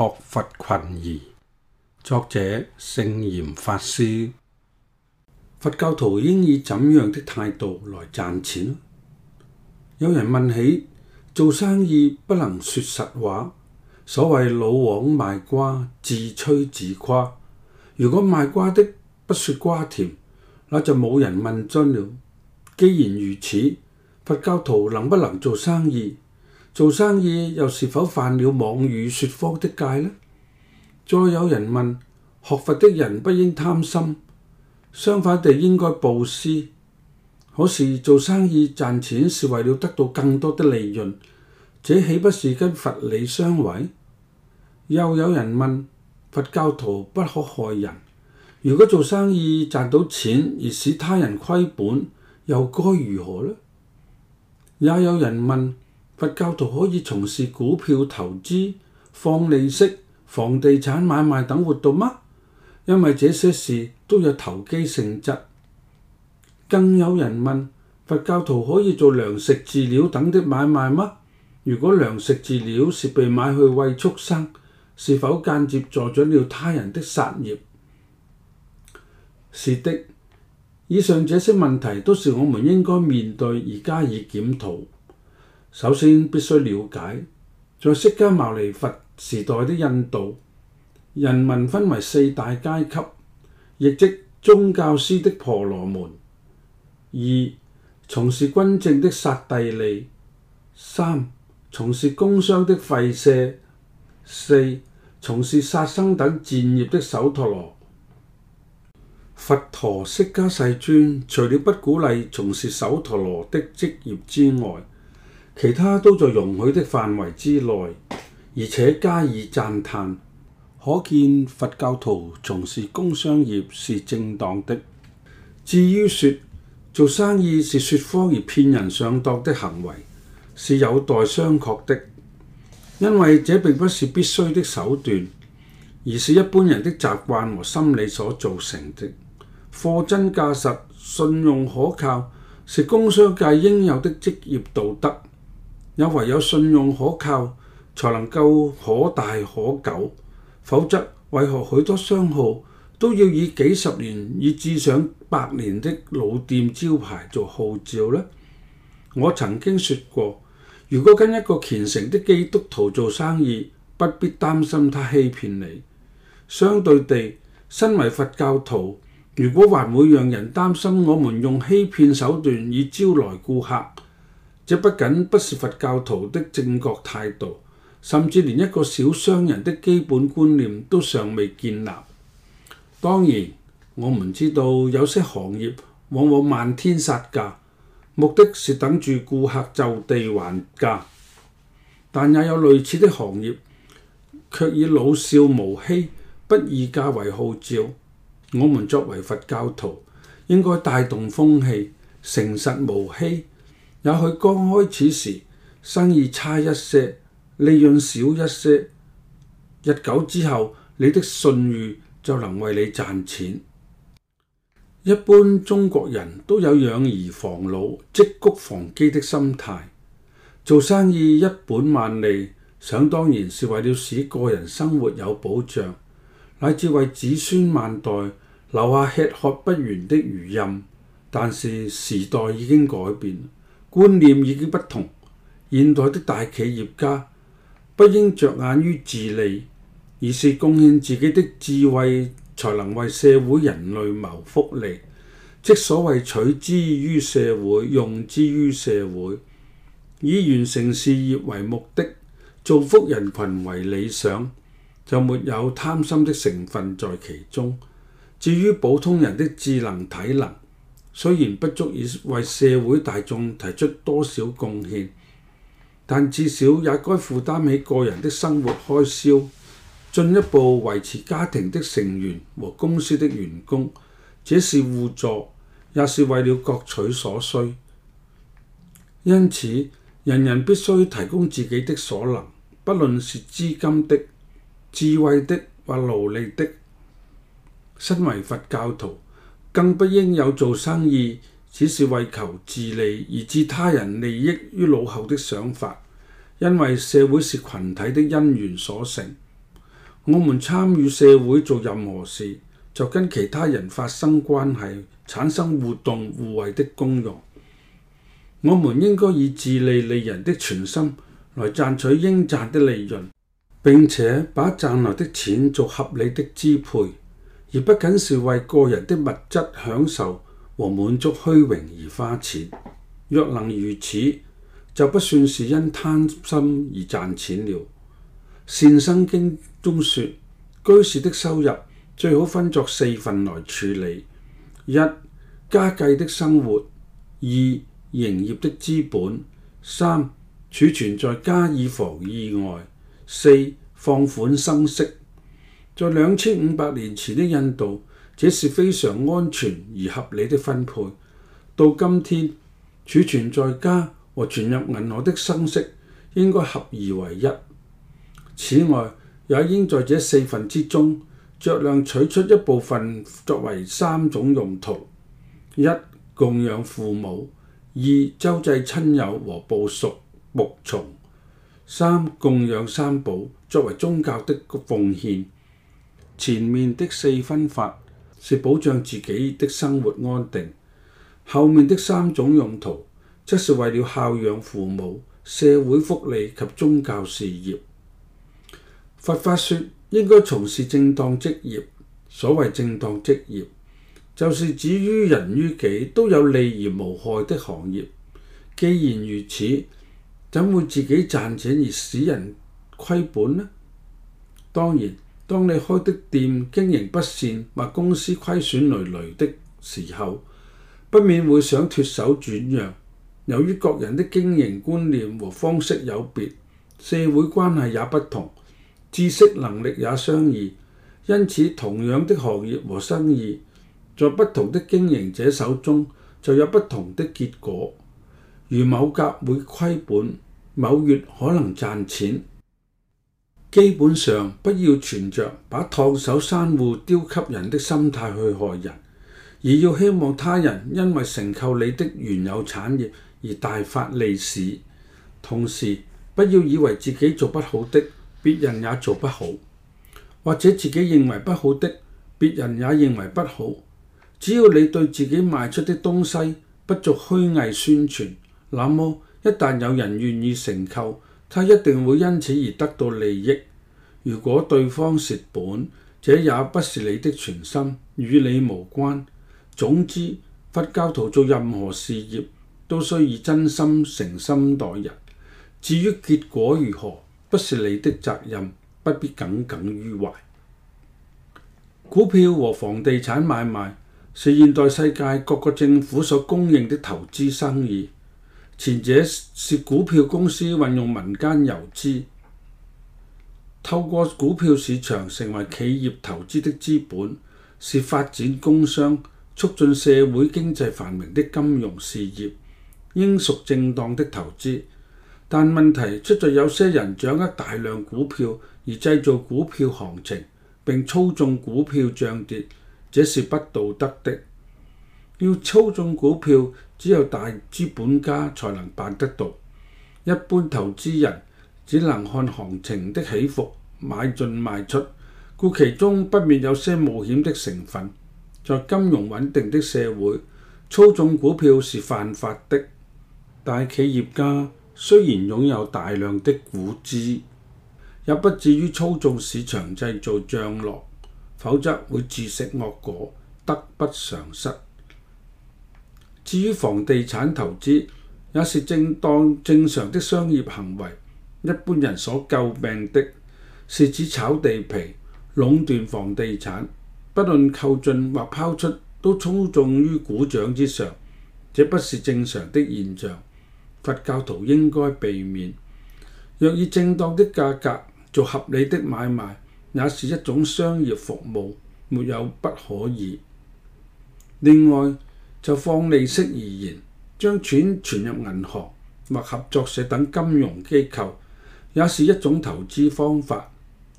學佛群疑，作者聖嚴法師。佛教徒應以怎樣的態度來賺錢？有人問起做生意不能說實話，所謂老王賣瓜，自吹自誇。如果賣瓜的不說瓜甜，那就冇人問津了。既然如此，佛教徒能不能做生意？做生意又是否犯了妄語説謊的戒呢？再有人問：學佛的人不應貪心，相反地應該布施。可是做生意賺錢是為了得到更多的利潤，這豈不是跟佛理相違？又有人問：佛教徒不可害人，如果做生意賺到錢而使他人虧本，又該如何呢？也有人問。佛教徒可以從事股票投資、放利息、房地產買賣等活動嗎？因為這些事都有投機性質。更有人問：佛教徒可以做糧食、飼料等的買賣嗎？如果糧食、飼料是被買去餵畜生，是否間接助長了他人的殺業？是的。以上這些問題都是我們應該面對而加以檢討。首先必須了解，在釋迦牟尼佛時代的印度，人民分為四大階級，亦即宗教師的婆羅門，二從事軍政的剎帝利，三從事工商的吠舍，四從事殺生等賤業的首陀羅。佛陀釋迦世尊除了不鼓勵從事首陀羅的職業之外，其他都在容許的範圍之內，而且加以讚歎，可見佛教徒從事工商業是正當的。至於說做生意是説謊而騙人上當的行為，是有待商榷的，因為這並不是必須的手段，而是一般人的習慣和心理所造成的。貨真價實、信用可靠，是工商界應有的職業道德。有唯有信用可靠，才能夠可大可久。否則，為何許多商號都要以幾十年以至上百年的老店招牌做號召呢？我曾經說過，如果跟一個虔誠的基督徒做生意，不必擔心他欺騙你。相對地，身為佛教徒，如果還會讓人擔心，我們用欺騙手段以招來顧客。這不僅不是佛教徒的正確態度，甚至連一個小商人的基本觀念都尚未建立。當然，我們知道有些行業往往漫天殺價，目的是等住顧客就地還價，但也有類似的行業卻以老少無欺、不議價為號召。我們作為佛教徒，應該帶動風氣，誠實無欺。也許剛開始時生意差一些，利潤少一些，日久之後你的信譽就能為你賺錢。一般中國人都有養兒防老、積谷防饑的心態，做生意一本萬利，想當然是為了使個人生活有保障，乃至為子孫萬代留下吃喝不完的餘蔭。但是時代已經改變。觀念已經不同，現代的大企業家不應着眼於自利，而是貢獻自己的智慧，才能為社會人類謀福利，即所謂取之於社會，用之於社會，以完成事業為目的，造福人群為理想，就沒有貪心的成分在其中。至於普通人的智能體能，雖然不足以為社會大眾提出多少貢獻，但至少也該負擔起個人的生活開銷，進一步維持家庭的成員和公司的員工。這是互助，也是為了各取所需。因此，人人必須提供自己的所能，不論是資金的、智慧的或勞力的。身為佛教徒，更不應有做生意只是為求自利而置他人利益於腦後的想法，因為社會是群體的因緣所成。我們參與社會做任何事，就跟其他人發生關係，產生活動互惠的功用。我們應該以自利利人的全心來賺取應賺的利潤，並且把賺來的錢做合理的支配。而不僅是為個人的物質享受和滿足虛榮而花錢，若能如此，就不算是因貪心而賺錢了。善生經中說，居士的收入最好分作四份來處理：一、家計的生活；二、營業的資本；三、儲存在家以防意外；四、放款生息。在兩千五百年前的印度，這是非常安全而合理的分配。到今天，儲存在家和存入銀行的生息應該合二為一。此外，也應在，在這四分之中酌量取出一部分作為三種用途：一、供養父母；二、周濟親友和部屬牧從；三、供養三寶，作為宗教的奉獻。前面的四分法是保障自己的生活安定，後面的三種用途則是為了孝養父母、社會福利及宗教事業。佛法說應該從事正當職業，所謂正當職業，就是指於人於己都有利而無害的行業。既然如此，怎會自己賺錢而使人虧本呢？當然。當你開的店經營不善或公司虧損累累的時候，不免會想脫手轉讓。由於各人的經營觀念和方式有別，社會關係也不同，知識能力也相異，因此同樣的行業和生意，在不同的經營者手中就有不同的結果。如某甲會虧本，某乙可能賺錢。基本上不要存着把燙手山芋丟給人的心態去害人，而要希望他人因為承購你的原有產業而大發利市。同時，不要以為自己做不好的，別人也做不好；或者自己認為不好的，別人也認為不好。只要你對自己賣出的東西不做虛偽宣傳，那麼一旦有人願意承購，他一定會因此而得到利益。如果對方蝕本，這也不是你的全心，與你無關。總之，佛教徒做任何事業，都需要真心誠心待人。至於結果如何，不是你的責任，不必耿耿於懷。股票和房地產買賣是現代世界各個政府所公認的投資生意。前者是股票公司運用民間游資，透過股票市場成為企業投資的資本，是發展工商、促進社會經濟繁榮的金融事業，應屬正當的投資。但問題出在有些人掌握大量股票而製造股票行情，並操縱股票漲跌，這是不道德的。要操縱股票，只有大資本家才能辦得到。一般投資人只能看行情的起伏，買進賣出，故其中不免有些冒險的成分。在金融穩定的社會，操縱股票是犯法的。大企業家雖然擁有大量的股資，也不至於操縱市場製造漲落，否則會自食惡果，得不償失。至於房地產投資也是正當正常的商業行為，一般人所詬病的是指炒地皮、壟斷房地產，不論購進或拋出都操縱於股掌之上，這不是正常的現象。佛教徒應該避免。若以正當的價格做合理的買賣，也是一種商業服務，沒有不可以。另外，就放利息而言，將錢存入銀行或合作社等金融機構也是一種投資方法。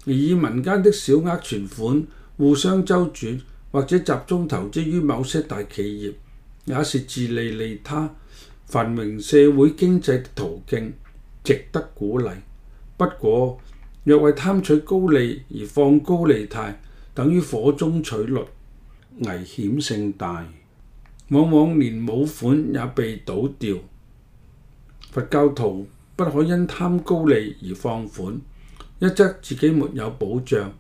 而以民間的小額存款互相周轉或者集中投資於某些大企業也是自利利他、繁榮社會經濟的途徑，值得鼓勵。不過，若為貪取高利而放高利貸，等於火中取栗，危險性大。往往連冇款也被倒掉。佛教徒不可因貪高利而放款，一則自己沒有保障，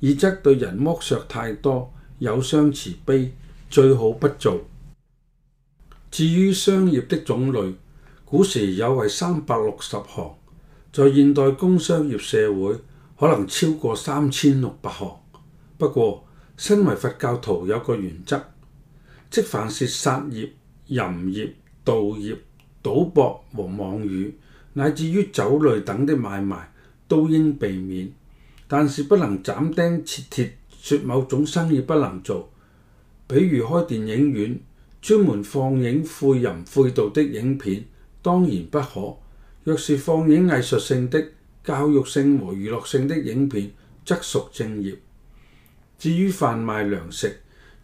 二則對人剝削太多，有傷慈悲，最好不做。至於商業的種類，古時有為三百六十行，在現代工商業社會，可能超過三千六百行。不過，身為佛教徒，有個原則。即凡是殺業、淫業、盜業、賭博和網魚，乃至於酒類等的買賣，都應避免。但是不能斬釘截鐵説某種生意不能做。比如開電影院，專門放映誨淫誨盜的影片，當然不可。若是放映藝術性的、教育性和娛樂性的影片，則屬正業。至於販賣糧食，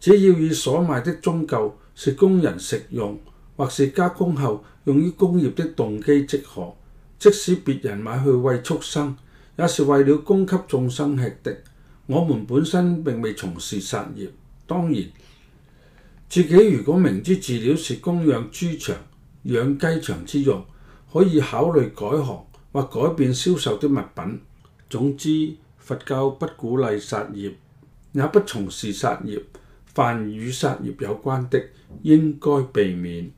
只要以所賣的宗教是工人食用或是加工後用於工業的動機即可，即使別人買去餵畜生，也是為了供給眾生吃的。我們本身並未從事殺業，當然自己如果明知飼料是供養豬場、養雞場之用，可以考慮改行或改變銷售的物品。總之，佛教不鼓勵殺業，也不從事殺業。凡與殺業有關的，應該避免。